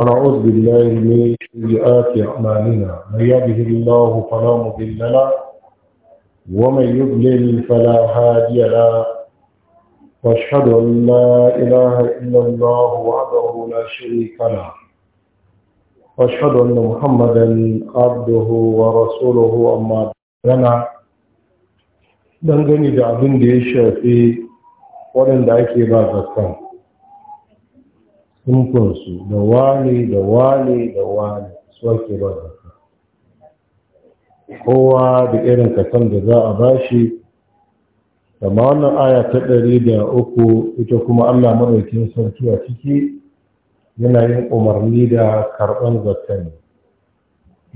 ونعوذ بالله من سيئات أعمالنا من يهده الله فلا مضل له ومن يضلل فلا هادي له واشهد أن لا إله إلا الله وحده لا شريك له واشهد أن محمدا عبده ورسوله أما لنا دنجني da abin da ولن shafi waɗanda ake kumkunsu da wane da wane da wane su ake ba da kowa da irin kasan da za a bashi Tamanin wannan aya ta ɗari da uku ita kuma allah maɗaukin sarki a ciki yana yin umarni da karɓar zakka ne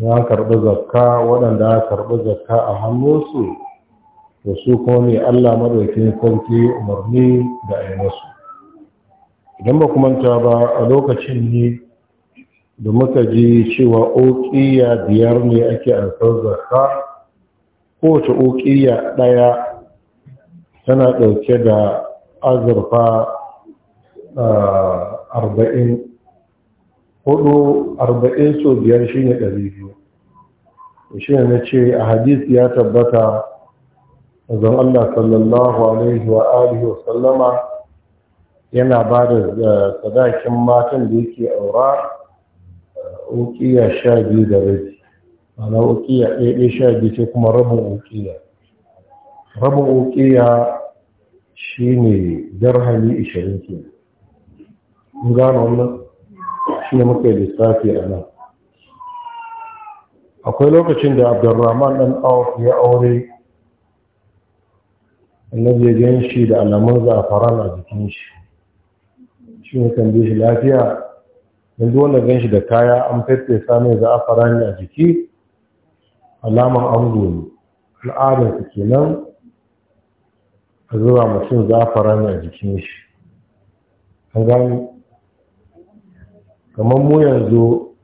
ya karɓi zakka waɗanda ya karɓi zakka a hannunsu to su kuma ne allah maɗaukin sarki umarni da a yi masu idan ba manta ba a lokacin ne da muka ji cewa oƙiya biyar ne ake alfar zakka kowace oƙiya ɗaya tana ɗauke da azurfa arba'in hudu arba'in so biyar shi ne ɗari biyu shi ne na ce a hadisi ya tabbata zan Allah sallallahu alaihi wa alihi wa sallama yana ba da sadakin matan da yake aura uh, ukiya sha biyu da rabi ana ukiya ɗaya sha biyu sai kuma rabin ukiya rabin ukiya shi ne darhami ishirin ke in gano wannan shi ne muka lissafi a nan akwai lokacin da abdurrahman ɗan auf ya aure annabi ya gan shi da alamun zafaran a jikin shi ciwon ne tambaye shi lafiya yanzu wanda gan shi da kaya an feffesa mai za a fara ne a jiki alaman ango ne al'adarsa kenan a zuba mutum za a fara ne a jikin shi an gani kamar mu yanzu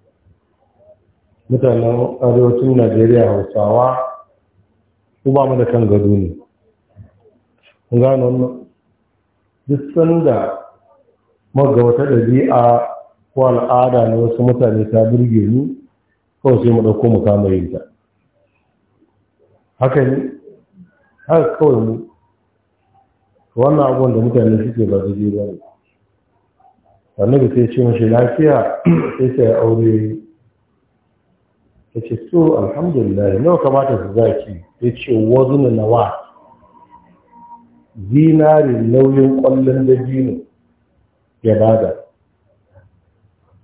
mutanen arewacin najeriya hausawa su ba mu da kan gado ne an gano wannan duk sanda maga wata ɗabi'a ko al'ada na wasu mutane ta burge ni kawai sai mu ɗauko mu kama yin ta haka ne haka kawai mu wannan abubuwan da mutane suke ba su ba ne Wannan da sai ce mashi lafiya sai sai aure ya ce to alhamdulillah nawa kamata su zaki ya ce wazuna nawa zinari nauyin kwallon dabino ya bada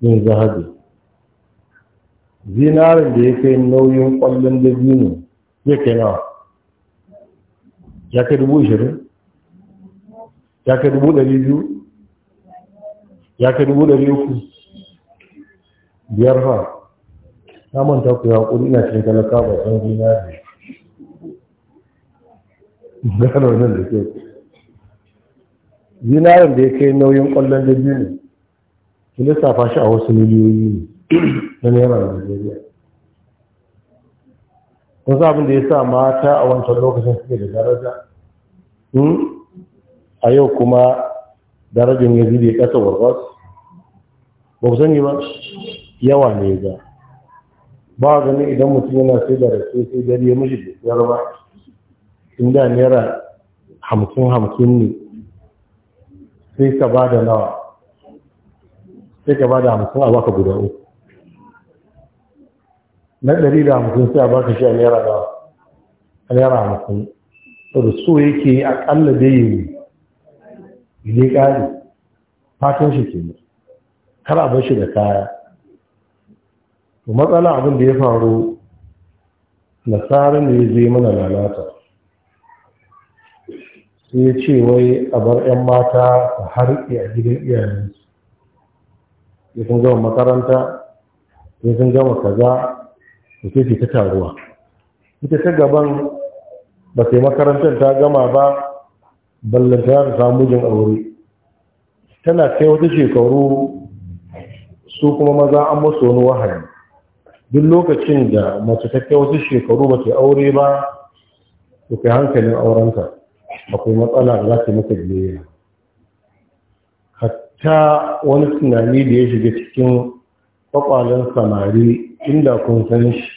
yin zahabi zinarin da ya kai nauyin kwallon da zini ya kai nawa ya kai dubu ishirin ya kai dubu ɗari biyu ya kai dubu ɗari uku biyar ha na manta ku ya kuri cikin talaka ba san zinari kanar nan da ke zinarin da ya kai nauyin kwallon da biyu ne su lissafa shi a wasu miliyoyi ne na naira najeriya wasu abin da ya sa mata a wancan lokacin suke da daraja hmm? a yau kuma darajin ya zide kasa warwas ba ku sani ba yawa ne ga ba gani idan mutum yana sai da rasu sai dare ya mashi da ba inda naira hamsin hamsin ne sai ka ba da nawa sai ka ba da hamsin a baka guda uku na ɗari da hamsin sai a baka shi a naira nawa a naira hamsin saboda so yake ƙalla da yi ne ƙari fatan shi ke kar a bar shi da kaya matsala abin da ya faru nasarar da ya je mana lalata sai ya ce wai a bar 'yan mata su harke a gidan iyayensu ya sun gama makaranta ya sun gama kaza da ke ta taruwa ita ta gaban ba sai makarantar ta gama ba ballanta ta samu jin aure tana kai wata shekaru su kuma maza an masu wani wahayi duk lokacin da mace ta kai wasu shekaru ba ta aure ba su kai hankalin aurenka akwai matsala da za ta mata biyayya hatta wani tunani da ya shiga cikin kwakwalen samari inda kun san shi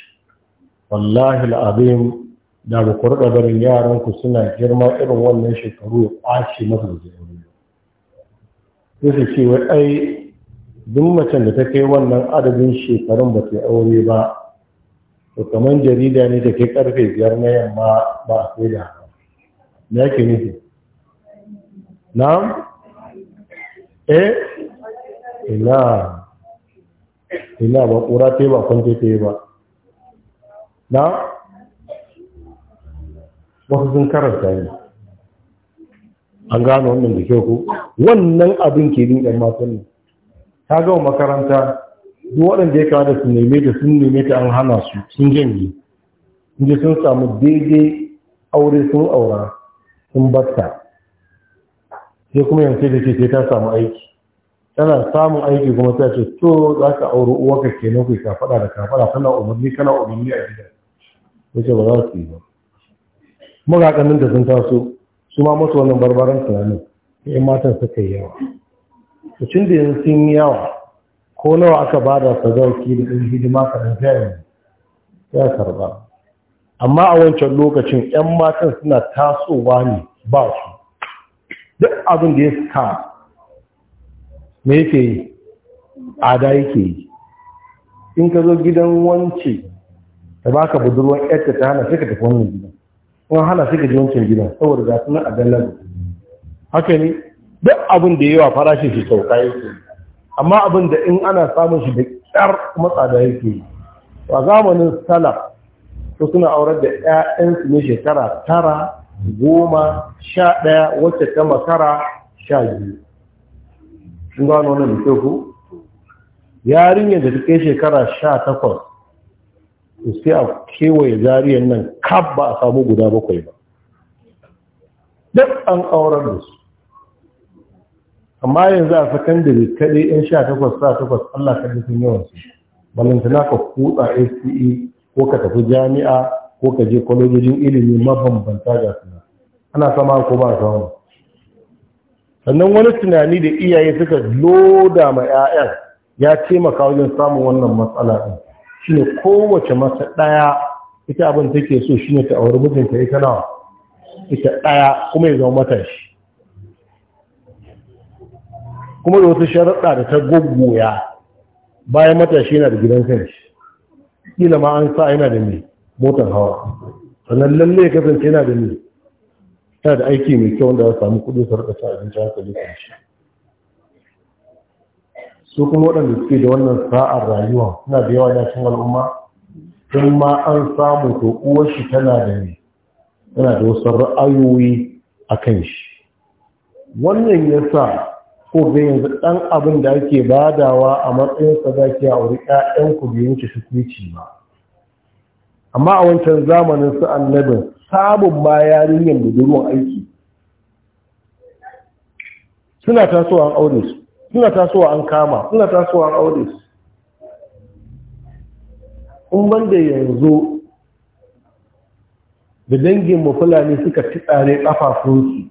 wallahi al'adun da ba ku rika barin yaran ku suna girma irin wannan shekaru ya kwace masa da jami'a ya su ce wai ai duk macen da ta kai wannan adadin shekarun ba ta aure ba to kamar jarida ne da ke karfe biyar na yamma ba a sai da me yake nufi na'am eh ina ina ba kura te ba kwance te ba na wasu sun karanta yi an gano wannan da kyau ku wannan abin ke din yan matan ne ta gama makaranta duk waɗanda ya kawo da su neme da sun neme ta an hana su sun janye inda sun samu daidai aure sun aura sun batta sai kuma yanzu da ce sai ta samu aiki tana samun aiki kuma ta ce to za ka auri uwaka kenan ku ka fada da ka fada kana umarni kana umarni a gida ce ba za su yi ba mugakanin da sun taso su ma masu wannan barbaran tunanin sai matan suka yi yawa tun da yanzu sun yi yawa ko nawa aka ba da sadauki da ɗin hidima kaɗan ta yanzu ya karba amma a wancan lokacin 'yan matan suna tasowa ne ba su duk abin da ya ka me yake yi ada yake yi in ka zo gidan wance da baka budurwar yarta ta hana suka tafi wannan gidan kuma hana suka ji wancan gidan saboda ga suna a dallar haka ne duk abin da yawa farashi shi sauka yake amma abin da in ana samun shi da kyar kuma tsada yake yi a zamanin salaf ko suna aurar da 'ya'yansu ne shekara tara goma sha ɗaya wacce ta makara sha biyu sun gano wannan da kyau ku yarinyar da ta kai shekara sha takwas su sai a kewaye zariyar nan kab ba a samu guda bakwai ba duk an aurar da su amma yanzu a bai kaɗai 'yan sha takwas sha takwas allah kaɗai sun yawan su balantana ka kutsa ace ko ka tafi jami'a ko ka je kwalojojin ilimi mabambanta ga suna ana sama ko ba samu sannan wani tunani da iyaye suka loda ma 'ya'yan ya taimaka wajen samun wannan matsala ɗin ne kowace masa ɗaya ita abin take so shi ne ta auri mijinta ita nawa ita ɗaya kuma ya zama matashi kuma da wasu sharaɗa da ta goggoya bayan matashi yana da gidan kanshi kila ma an sa yana da mai motar hawa sannan lalle ka kasance yana da mai ta da aiki mai kyau wanda ya samu kudin su rika sa abinci hankali kan shi su kuma waɗanda suke da wannan sa'ar rayuwa suna da yawa na cikin al'umma Tun ma an samu to uwar shi tana da mai tana da wasu ra'ayoyi a kan shi wannan ya sa ko ga yanzu ɗan abin da ake badawa a matsayin sadaki a wuri ku bai yanke hukunci ba amma a wancan zamanin su annabin samun ma yarinyar budurwan aiki suna tasowa an aure su suna tasowa an kama suna tasowa an aure su in banda yanzu da dangin mu fulani suka ci tsare ƙafafunsu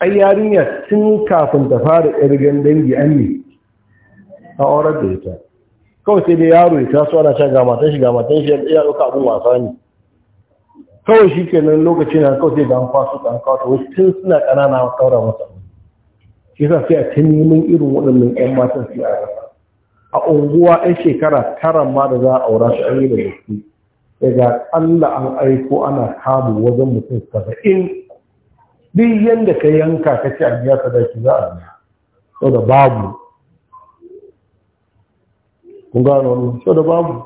ai yarinya tun kafin ta fara irgan dangi an ne a aurar da ita kawai sai dai yaro ya taso ana ta ga matan shi ga matan shi ya ɗauka abin wasa ne kawai shi kenan lokaci na kawai sai da an kwaso da an kawo wasu tun suna ƙanana a saura masa shi sa sai a ta neman irin waɗannan ƴan matan su a rasa a unguwa ɗan shekara tara ma da za a aura su an yi da gaske daga Allah an aiko ana kamu wajen mutum saba'in duk yadda ka yanka ka ce a biya sadaki za a biya sau da babu kun gano wani so da babu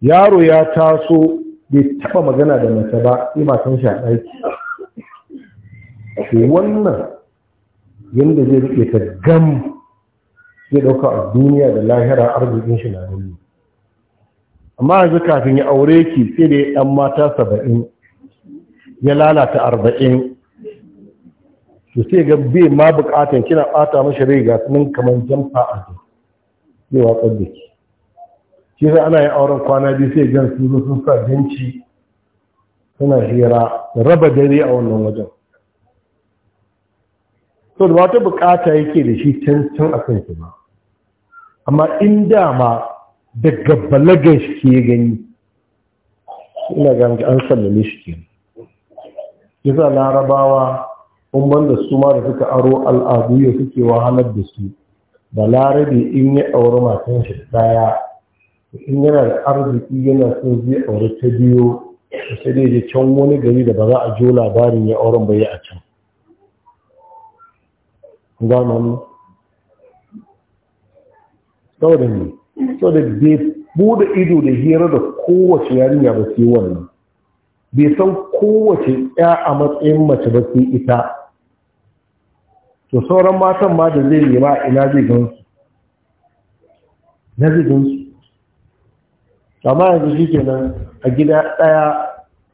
yaro ya taso bai taba magana da mace ba sai matan shi a ɗaki wannan yadda zai rike ta gam zai ɗauka a duniya da lahira arzikin shi na gani. amma yanzu kafin ya aure ki sai da ya ɗan mata saba'in ya lalata arba'in to sai ga bai ma bukatan kina bata mashi rai ga sunan kamar jamfa a ji sai watsar da ki shi sai ana yin auren kwana biyu sai gan su zo sun sa benci suna hira raba dare a wannan wajen so da wata bukata yake da shi can can a kan ba amma in dama daga balagan shi ke gani ina ga an sallame shi ke yasa larabawa kun banda su ma da suka aro al'adu ya suke wahalar da su da larabe in ya auri matan shi daya in yana da arziki yana son zai aure ta biyu sai dai can wani gari da ba za a jo labarin ya auren ba ya a can zamani saboda ne ido da hira da kowace yarinya ba sai wannan bai san kowace ya a matsayin mace ba sai ita to sauran matan ma da zai nema ina zai gansu na zai gansu amma yanzu shi kenan a gida ɗaya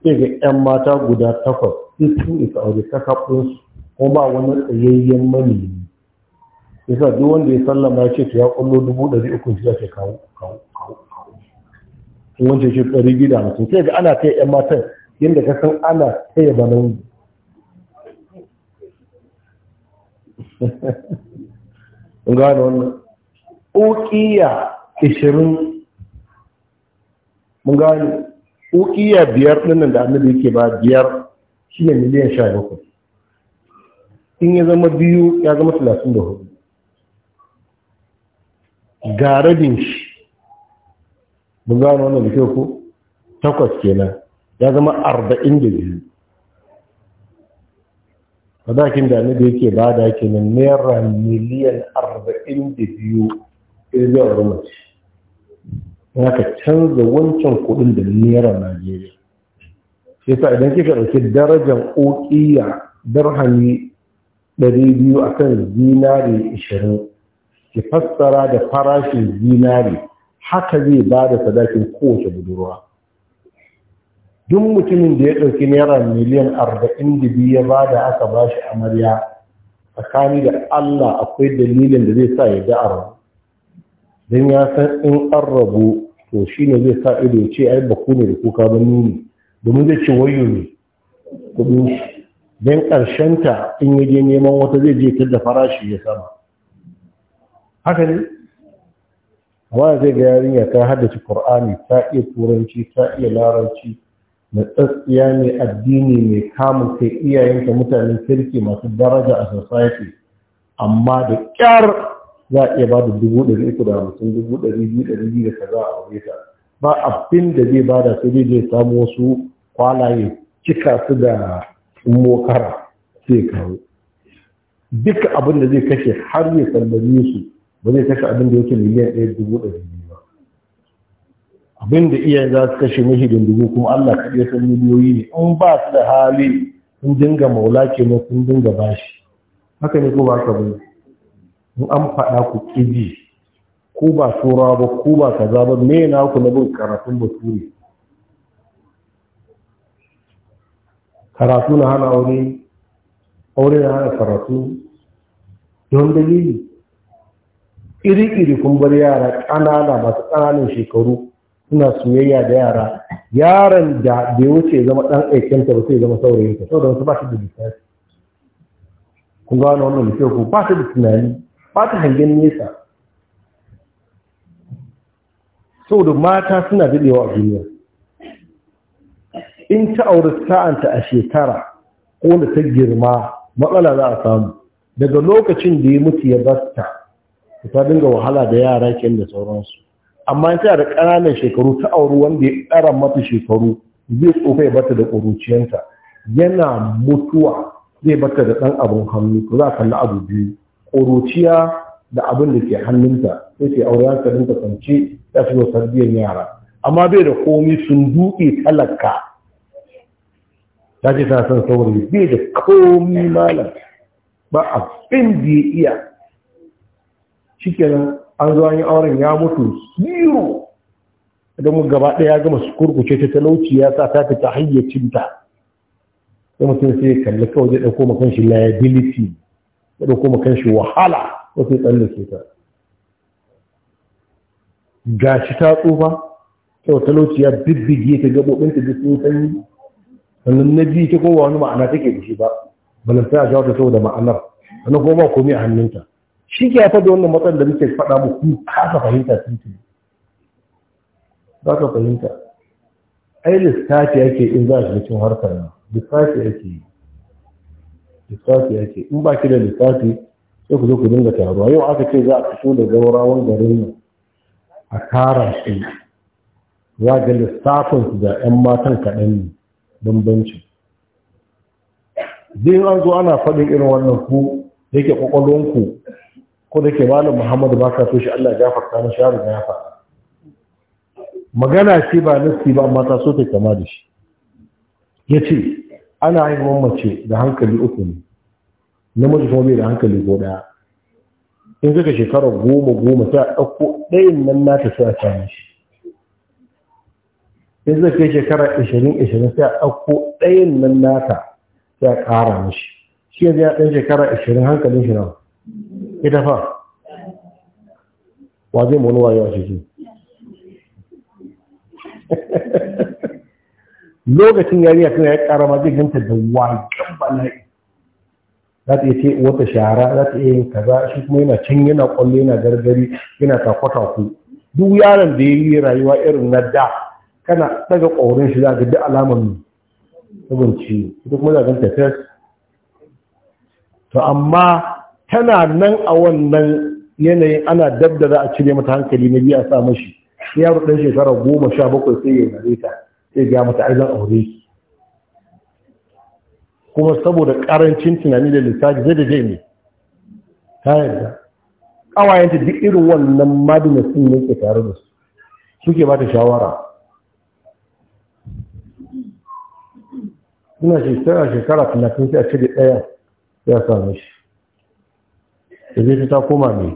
sai ga 'yan mata guda takwas sun isa aure ta kafinsu ko ba wani tsayayyen manemi yasa duk wanda ya sallama ya ce ta ya kullo dubu ɗari uku shi ce kawo kawo kawo wance shi ɗari gida mutum sai ga ana kai 'yan matan yadda ka san ana taya banan in wannan ukiya ishirin mun gano ukiya biyar ɗinnan da annabi yake ba biyar shi ne miliyan sha bakwai in ya zama biyu ya zama talatin da hudu ga shi mun gane wannan da ko takwas kenan ya zama arba'in da biyu sadakin da annabi yake bada kenan naira miliyan arba'in da biyu ɗirgiyar rumaci ya ka canza wancan kuɗin da naira najeriya shi sa idan kika ɗauki darajar ƙoƙiya darhami ɗari biyu a kan zinari ishirin ki fassara da farashin zinari haka zai ba da sadakin kowace budurwa duk mutumin da ya ɗauki naira miliyan arba'in da biyu ya bada aka ba shi amarya tsakani da allah akwai dalilin da zai sa ya da arba don ya san in an rabu to shi ne zai sa ido ce ai ba ku ne da kuka ba nuni domin zai ci wayo ne kudin shi don ƙarshenta in yaje neman wata zai je ta da farashi ya sama haka ne amma zai ga yarinya ta haddace Kur'ani, ta iya turanci ta iya larabci tsakiya ne addini mai kamun kai iyayenka mutanen kirki masu daraja a society amma da kyar za a iya ba da dubu ɗari uku da hamsin dubu ɗari biyu ɗari biyu da kaza a wuri ta ba abin da zai da sai zai samu wasu kwalaye cika su da mokara sai kawo duka abin da zai kashe har ya sallame su ba zai kashe abin da yake miliyan ɗaya dubu ɗari abin da iyayen za su kashe mashi dindigo kuma Allah ka iya san miliyoyi ne in ba su da hali sun dinga maula ke na sun dinga bashi haka ne ko ba ka bai in an faɗa ku kiji ko ba turawa ba ko ba kaza ba me na ku na bin karatun bature karatu na hana aure aure na hana karatu don dalili iri-iri kun bar yara ƙanana masu ƙananan shekaru suna soyayya da yara yaron da bai wuce ya zama ɗan aikinta ba sai ya zama saurayinta saboda wasu ba su da lissafi kun ga wannan da ko ba su da tunani ba ta hangen nesa saboda mata suna daɗewa a duniya in ta auri sa'anta a shekara ko da ta girma matsala za a samu daga lokacin da ya mutu ya basta ta dinga wahala da yara kin da sauransu amma tana da ƙananan shekaru ta auri wanda ya ƙara mata shekaru zai tsofa ya bata da ƙuruciyanta yana mutuwa zai bata da ɗan abin hannu ko za a kalli abu biyu ƙuruciya da abin da ke hannunta sai ke aure yanka ɗin ta kwance ya fi wa yara amma bai da komi sun duƙe talaka ta ce ta san saurayi bai da komi malam ba a fin da ya iya shi kenan an zo an yi auren ya mutu siro idan mu gaba ɗaya ya gama su kurkuce ta talauci ya sa ta fita hayyacinta sai mutum sai kalli kawai zai ɗauko makan shi liability ya ɗauko makan shi wahala wasu tsalle tsallake ta gashi ta tsufa kyau talauci ya bibbige ta gaɓoɓin ta jisun sanyi sannan na biyu ta kowa wani ma'ana take da shi ba balanta ya shawo ta saboda ma'anar sannan kuma ba komai a hannunta shi ke haifar da wannan matsalar da muke faɗa muku ka fahimta tuntuni ba ka fahimta ai lissafi yake in za a cikin harkar nan lissafi yake yi lissafi yake in ba ki da lissafi sai ku zo ku dinga taruwa yau aka ce za a fito da gaurawan garin nan a kara shi. za ga lissafin su da 'yan matan kaɗan ne bambanci zai an zo ana faɗin irin wannan ku yake kwakwalwanku ko da ke malam muhammadu ba ka toshe allah gafarta na shahar na ya faɗa magana ce ba nasi ba mata so ta kama da shi ya ce ana yin mace da hankali uku ne namiji kuma bai da hankali ko ɗaya in suka shekara goma goma sai a ɗauko ɗayan nan nata sai a sami shi in zai kai shekara ashirin ashirin sai a ɗauko ɗayan nan nata sai a ƙara mashi shi yanzu ya ɗan shekara ashirin hankalin shi na ita fa wa zai munu wayo a ciki lokacin yariya tana ya karama zai ganta da wajen bala'i za ta ce wata shara za ta iya yin kaza shi kuma yana can yana kwallo yana gargari yana takwataku duk yaron da ya yi rayuwa irin na da kana daga ƙorin shi za ga duk alamar mu sabon ita kuma za ganta fes to amma tana nan a wannan yanayin ana dab da a cire mata hankali na biya sa mashi yaro ɗan shekara goma sha bakwai sai ya gare ta sai ga mata aizan aure kuma saboda ƙarancin tunani da lissafi zai da zai ne ta yadda ƙawayenta duk irin wannan madina sun yanke tare da su suke ba ta shawara suna shekara shekara talatin sai a cire ɗaya ya sa shi yanzu ta koma ne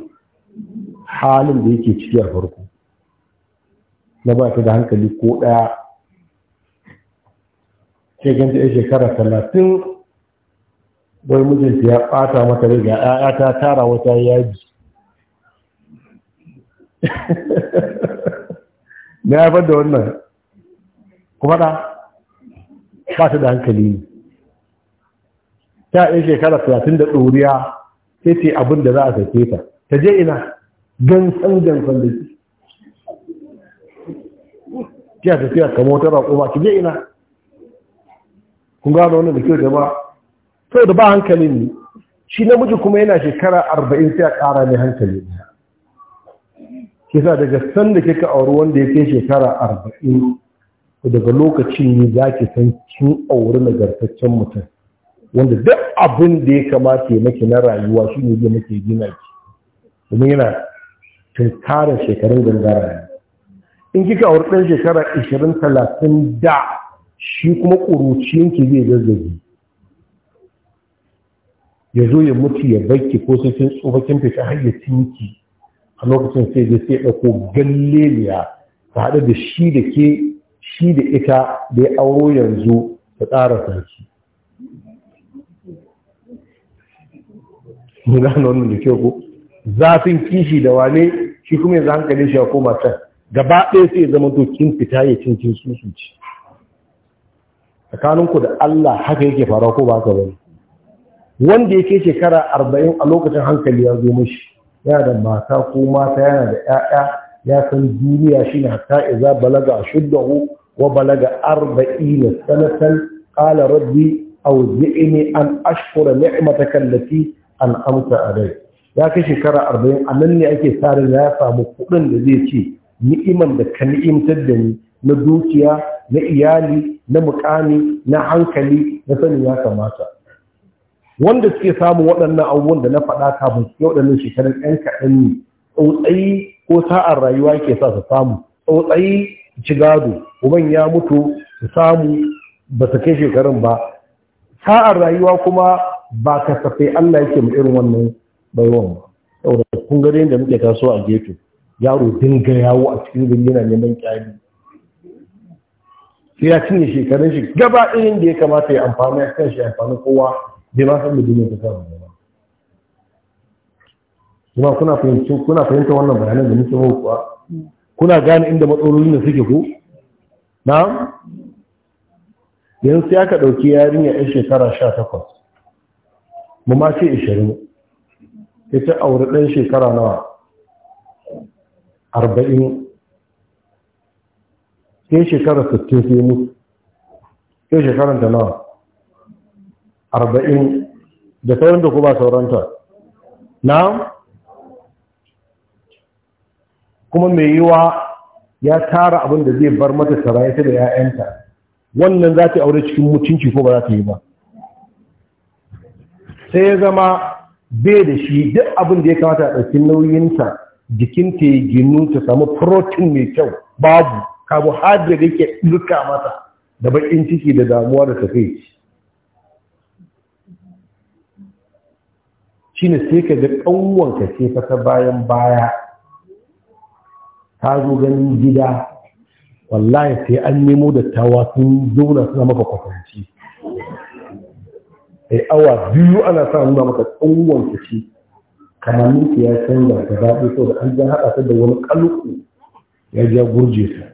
halin da yake ciki a farko na ba ta da hankali ko ɗaya ke ganta ya shekara talatin bai mijinta ya ɓata mata rai ga ‘ya'ya ta tara wata yaji na ya da wannan kuma ɗa ba ta da hankali ne ta iya shekara talatin da ɗoriya sai ce abin da za a sake ta ta je ina gansan gansan da shi kiya tafiya kamar wata ba ki je ina kun gano wannan da kyau ba sau da ba hankalin ne shi namiji kuma yana shekara arba'in sai a ƙara ne hankali ne, sa daga san da kika auri wanda ya kai shekara arba'in daga lokacin ne za ki san kin auri nagartaccen mutum wanda duk abin da ya kamata ya maki na rayuwa shi ne zai maki gina ki domin yana tunkarar shekarun gangara ne in kika auri ɗan shekara 20 talatin da shi kuma ƙuruciyanki zai zazzabi ya zo ya mutu ya bakki ko sai sun tsufa fita har ya tinki a lokacin sai da sai ɗauko galleliya ta haɗu da shi da ke shi da ita da ya auro yanzu ta tsara sarki mun gane wannan da kyau ko zafin kishi da wane shi kuma yanzu hankalin shi ya koma can gaba ɗaya sai ya zama to kin fita ya cin kin su ci tsakaninku da Allah haka yake faruwa ko ba ka bane wanda yake shekara arba'in a lokacin hankali ya zo mashi yana da mata ko mata yana da 'ya'ya ya san duniya shi na ta iza balaga ashuddahu wa balaga arba'ina sanatan qala rabbi awzi'ni an ashkura ni'mataka allati an amsa a rai ya kai shekara arba'in a nan ne ake tsarin ya samu kuɗin da zai ce ni'imar da ka ni'imtar da ni na dukiya na iyali na mukami na hankali na sanin ya kamata wanda suke samun waɗannan abubuwan da na faɗa kafin su waɗannan shekarun ƴan kaɗan ne tsautsayi ko sa'ar rayuwa ke sa su samu tsautsayi ci gado uban ya mutu su samu ba su kai shekarun ba sa'ar rayuwa kuma ba kasafai Allah yake mu irin wannan baiwan ba saboda kun ga da muke kaso a gefe yaro dinga yawo a cikin gari yana neman kyali sai ya cinye shekarun shi gaba ɗayan da ya kamata ya amfani ya kan shi amfani kowa bai ma san da duniya ta samu ba kuma kuna fahimtar kuna fahimtar wannan bayanan da muke muku kuna gane inda matsalolin da suke ku na'am yanzu sai aka ɗauki yarinya 'yan shekara sha takwas mu ma ce ishirin ita aure ɗan shekara nawa arba'in sai shekara sittin sai mu sai shekaran ta nawa arba'in da sauran da ba sauranta na kuma mai yiwa ya tara abin da zai bar mata sarayata da 'ya'yanta wannan za ta aure cikin mutunci ko ba za ta yi ba sai ya zama bai da shi duk abin da ya kamata a ɗauki nauyinsa jikinta ya ginu ta samu protein mai kyau babu carbohydrate ke duka mata da bakin ciki da damuwa da ta kai shi ne sai ka ga ka ce fata bayan baya ta zo ganin gida wallahi sai an nemo da tawa sun zauna suna maka kwafanci kai awa biyu ana sa nuna maka tsawon ta ce ya canza ta zaɓi da an ja haɗa ta da wani ƙaluku ya ja gurje ta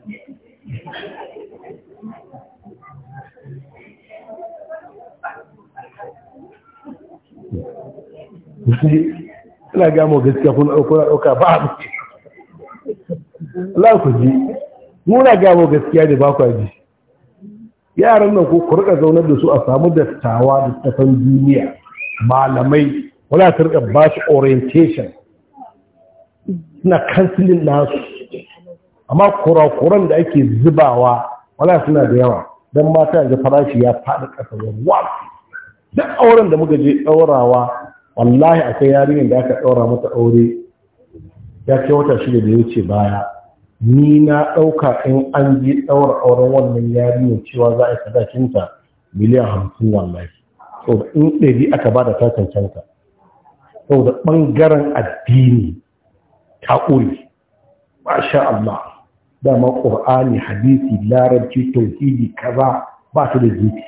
ina gamo gaskiya kuna ɗauka ba a Allah ku ji muna gamo gaskiya da ba ku ji yaran nan ko ku rika zaunar da su a samu dattawa da tafan duniya malamai wala ta rika ba su orientation suna kansilin nasu amma kurakuran da ake zubawa wala suna da yawa don mata yanzu farashi ya faɗi ƙasa wa duk auren da muka je ɗaurawa wallahi akwai yarinyar da aka ɗaura mata aure ya ce wata shida da ya wuce baya ni na ɗauka in an ji ɗaura auren wannan yarinyar cewa za a yi sadakinta miliyan hamsin wallahi saboda in ɗari aka ba da ta so saboda ɓangaren addini ta ƙuri masha Allah dama ƙur'ani hadisi larabci tauhidi kaza ba su da jiki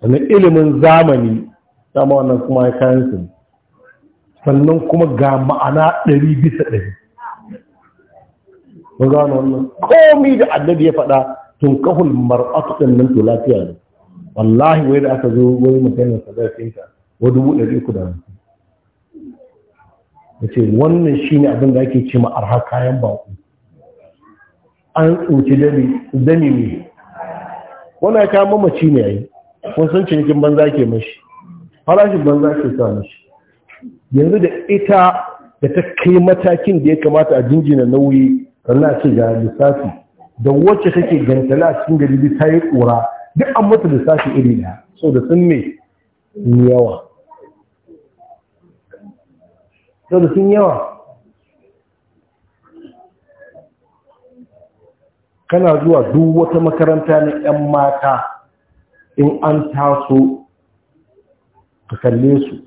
sannan ilimin zamani dama wannan kuma ya kayan su sannan kuma ga ma'ana ɗari bisa ɗari mun gano wannan komai da annabi ya faɗa tun kahul mar'atu din nan to lafiya ne wallahi wai da aka zo wai mutanen sadakin fita wa dubu ɗari uku da hamsin yace wannan shine abin da ake ce ma arha kayan baƙo an tsoci dami ne wannan kayan mamaci ne yayi kun san cinikin banza ke mashi farashin banza ke sa mashi yanzu da ita da ta kai matakin da ya kamata a jinjina nauyi Allah ce ga lissafi da wacce take gantala a cikin gari ta yi ƙura duk an mata lissafi iri ɗaya so da sun me yawa so da sun yawa kana zuwa duk wata makaranta na 'yan mata in an taso ka kalle su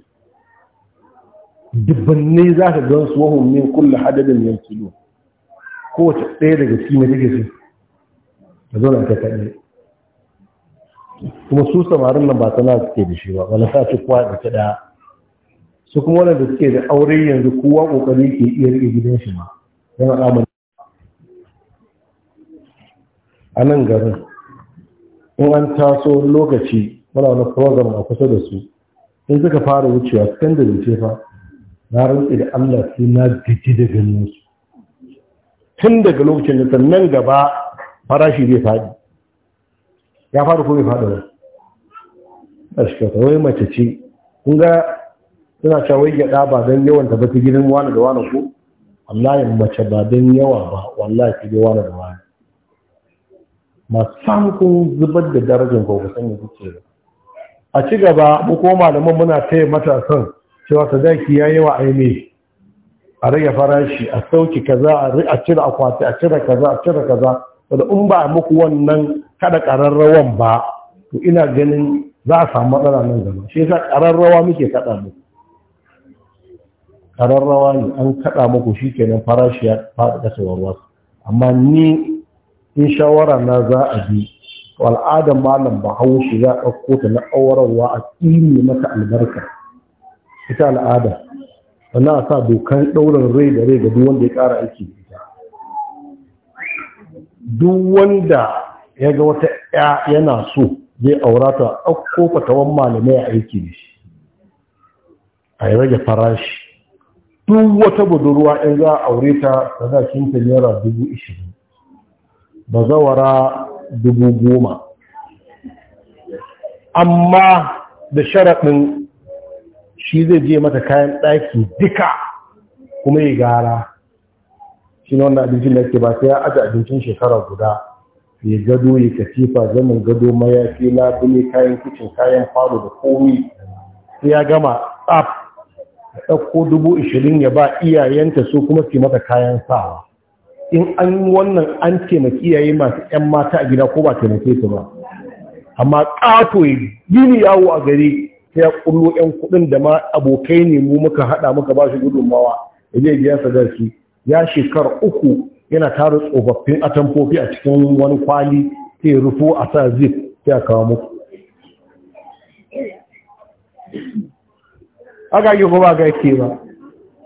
dubbanni za ka gan su wahun min kulle hadadin kowace ɗaya daga cikin mai take su da zauna ta kuma su samarin nan ba na suke da shi ba wani sa ci kuwa da ta ɗaya su kuma wanda suke da aure yanzu kowa ƙoƙari ke iya riƙe gidan shi ma yana ɗamar a nan garin in an taso lokaci muna wani program a kusa da su in suka fara wucewa da ce fa na rantsi da Allah sai na gaji da ganin su tun daga lokacin da sannan gaba farashi zai faɗi ya faɗi ko bai faɗi ba a shekata wai mace ce kun ga suna cawai gyaɗa ba don yawan ta bata gidan wani da wani ko wallahi mace ba don yawa ba wallahi ta dai wani da wani masu kun zubar da darajin ko kusan da suke ba a ci gaba mu koma da muna taya matasan cewa sadaki ya yi wa ainihi. a rage farashi a sauki kaza a cire akwati a cire kaza a cire kaza wanda in ba a muku wannan kada ƙararrawan ba to ina ganin za a samu matsala nan gaba shi yasa kararrawa muke kaɗa muku kararrawa ne an kaɗa muku shi kenan farashi ya fada ƙasawar wasu amma ni in shawara na za a bi al'adar malam bahaushe za a ɗauko ta na a tsini maka albarka ita al'ada sannan a sa dokan ɗaurin rai da rai ga duk wanda ya ƙara aiki da duk wanda ya ga wata ya yana so zai aurata akko ɗauko fatawan malamai a aiki da shi a yi rage farashi duk wata budurwa in za a aure ta sadakin ta naira dubu ishirin zawara dubu goma amma da sharaɗin shi zai je mata kayan ɗaki duka kuma ya gara shi na wannan abincin da ke ba sai ya aji abincin shekara guda ya gado ya katifa zamin gado mayafi labule kayan kicin kayan falo da komi sai ya gama tsaf ɗauko dubu ishirin ya ba iyayenta su kuma su mata kayan sawa in an wannan an taimaki iyaye masu 'yan mata a gida ko ba taimake su ba amma ƙato ya gini yawo a gari sai ya kullo yan kuɗin da ma abokai ne mu muka haɗa muka ba shi gudunmawa ya je biya sadaki ya shekara uku yana tara tsofaffin atamfofi a cikin wani kwali sai rufo a sa zip sai a kawo muku aka yi kuma ga ke ba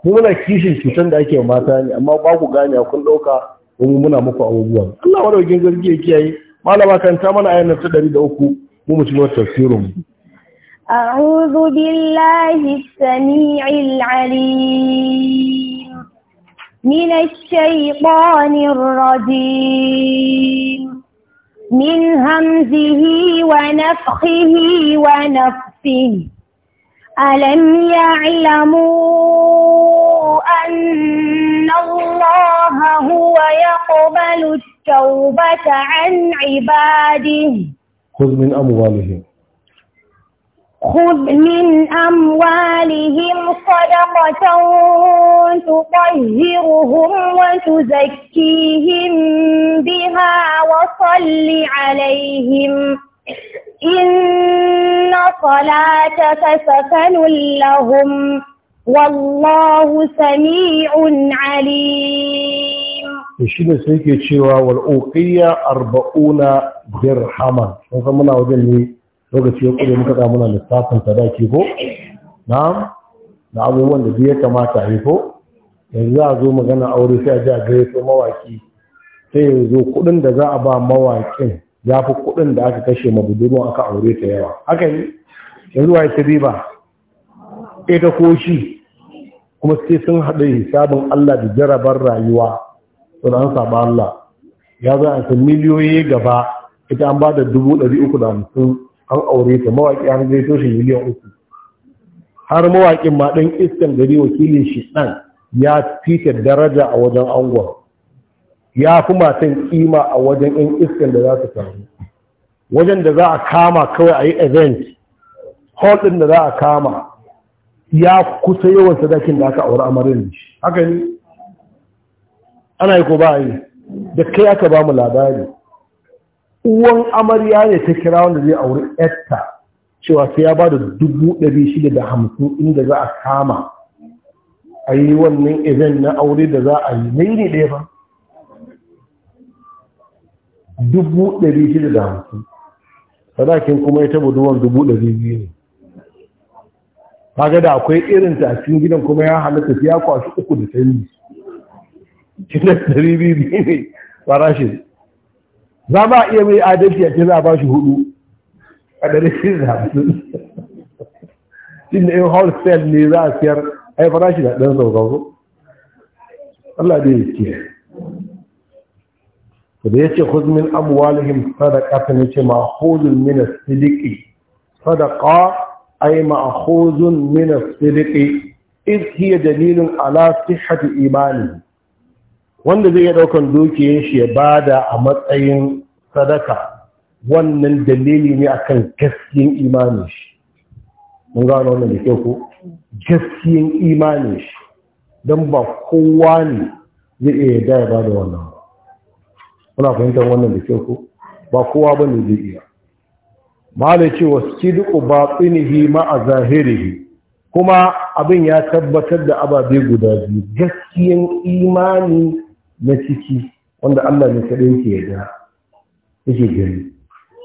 mu muna kishin cutar da ake mata ne amma ba ku gane kun ɗauka mu muna muku abubuwan Allah wadaukin zargi ya kiyaye malama kan ta mana ayyana ta ɗari da uku mu mutum wata tafsirin mu أعوذ بالله السميع العليم من الشيطان الرجيم من همزه ونفخه ونفسه ألم يعلموا أن الله هو يقبل التوبة عن عباده خذ من أموالهم خذ من أموالهم صدقة تطهرهم وتزكيهم بها وصل عليهم إن صلاتك سكن لهم والله سميع عليم shi سيكي تشيوا والأوقية cewa wal'uƙiyya arba'una dirhama lokaci ya kure muka ga muna lissafin sadaki ko na'am da abubuwan da duk ya kamata yi ko yanzu za a zo magana aure sai a ji a su mawaki sai ya zo kuɗin da za a ba mawakin ya fi kuɗin da aka kashe ma budurwa aka aure ta yawa haka yi yanzu wa sabi ba riba ita ko shi kuma sai sun haɗa hisabin Allah da jarabar rayuwa sun an saba Allah ya zo a miliyoyi gaba ita an ba da dubu ɗari uku da hamsin an aure ta mawaƙi an zai toshe miliyan uku har mawaƙin ma ɗan iskan gari wakilin shi ɗan ya fita daraja a wajen angon ya fi matan kima a wajen yan iskan da za su samu. wajen da za a kama kawai a yi event hall ɗin da za a kama ya kusa yawan sadakin da aka aure amarin da shi haka ne ana yi ko ba yi da kai aka ba mu labari uwan amarya ne ta kira wanda zai auri etta cewa sai ya ba da dubu ɗari shida da hamsin inda za a kama a yi wannan event na aure da za a yi na yi ne ɗaya ba dubu ɗari shida da hamsin sadakin kuma ya taba duwan dubu ɗari biyu ne kaga da akwai irin ta cikin gidan kuma ya halatta ya kwashi uku da sanyi shi da ɗari biyu ne farashin za ma iya mai adalci a ce za a ba shi hudu a ɗari da hamsin inda in wholesale ne za a siyar ai farashi da ɗan sauransu Allah da ya ce da ya ce huzmin abuwalihim sadaka ta nace ma hozun mina sidiki sadaka a ai ma'ahuzun minas sidiki iz hiya dalilin ala sihhati imani wanda zai iya ɗaukan dukiyar shi ya bada a matsayin sadaka wannan dalili ne akan gaskiyar imanin shi mun gano wannan da kyau ko gaskiyar imanin shi don ba kowa ne zai iya yarda ya bada wannan kuna fahimtar wannan da kyau ko ba kowa ba ne zai iya malai cewa sidqu batinihi a zahirihi kuma abin ya tabbatar da ababe guda biyu gaskiyan imani na ciki wanda Allah ne kaɗai ke yarda yake gani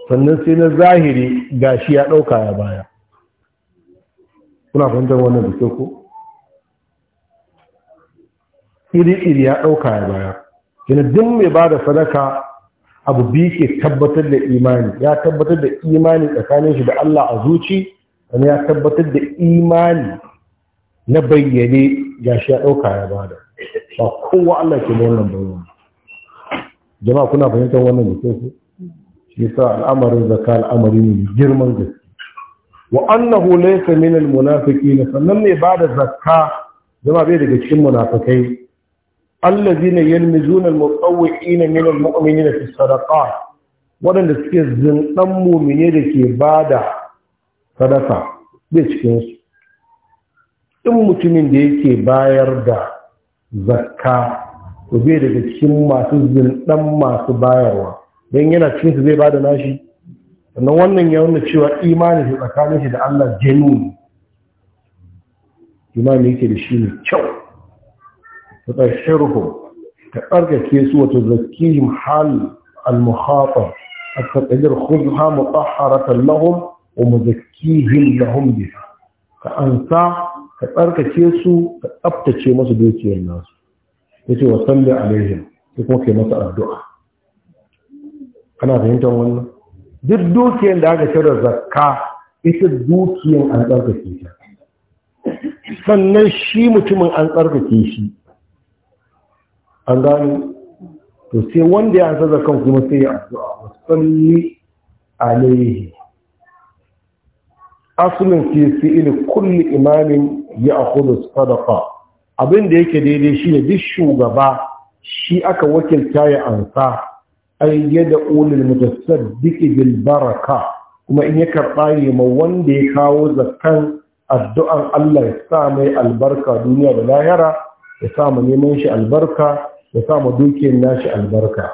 sannan sai na zahiri gashi ya ɗauka ya baya kuna fahimtar wannan da ko iri-iri ya ɗauka ya baya yana duk mai ba da sadaka abu biyu ke tabbatar da imani ya tabbatar da imani tsakanin shi da Allah a zuci wani ya tabbatar da imani na bayyane gashi ya ɗauka ya bada ba kowa Allah ke da wannan jama'a kuna fahimtar wannan da ke shi sa al'amarin zakka al'amari ne girman gaske wa annahu laysa min al munafiqin sannan ne ba da zakka jama'a bai daga cikin munafikai allazina yalmizuna al mutawwiqina min al mu'minina fi sadaqat Wadanda suke zindan mumine da ke bada sadaka bai cikinsu in mutumin da yake bayar da zakka to zai daga cikin masu zindan masu bayarwa don yana cikin su zai ba da nashi sannan wannan ya nuna cewa imani shi tsakanin shi da Allah jenu imani yake da shi ne kyau ta ruhu ta tsarkake su wata zakihim hal al-muhatab a التقدير خذها مطهرة لهم ومزكيهم لهم Ka ansa. ka tsarkake su ka tsaftace masu dukiyar nasu Ya ce wa salli alaihim ya kuma ke masa addu'a ana fahimtar wannan duk dukiyar da aka shirar zakka ita dukiyar an tsarkake ta sannan shi mutumin an tsarkake shi an gani to sai wanda ya sarza kan kuma sai ya addu'a wa salli alaihim asulin fi fi'il kulli imamin ya akhudhu sadaka abin da yake daidai shi shine duk shugaba shi aka wakilta ya ansa ay da ulul mutasaddiqi bil baraka kuma in ya karba yi ma wanda ya kawo zakkan addu'an Allah ya sa mai albarka duniya da lahira ya sa mu neman shi albarka ya sa mu dukiyar nashi albarka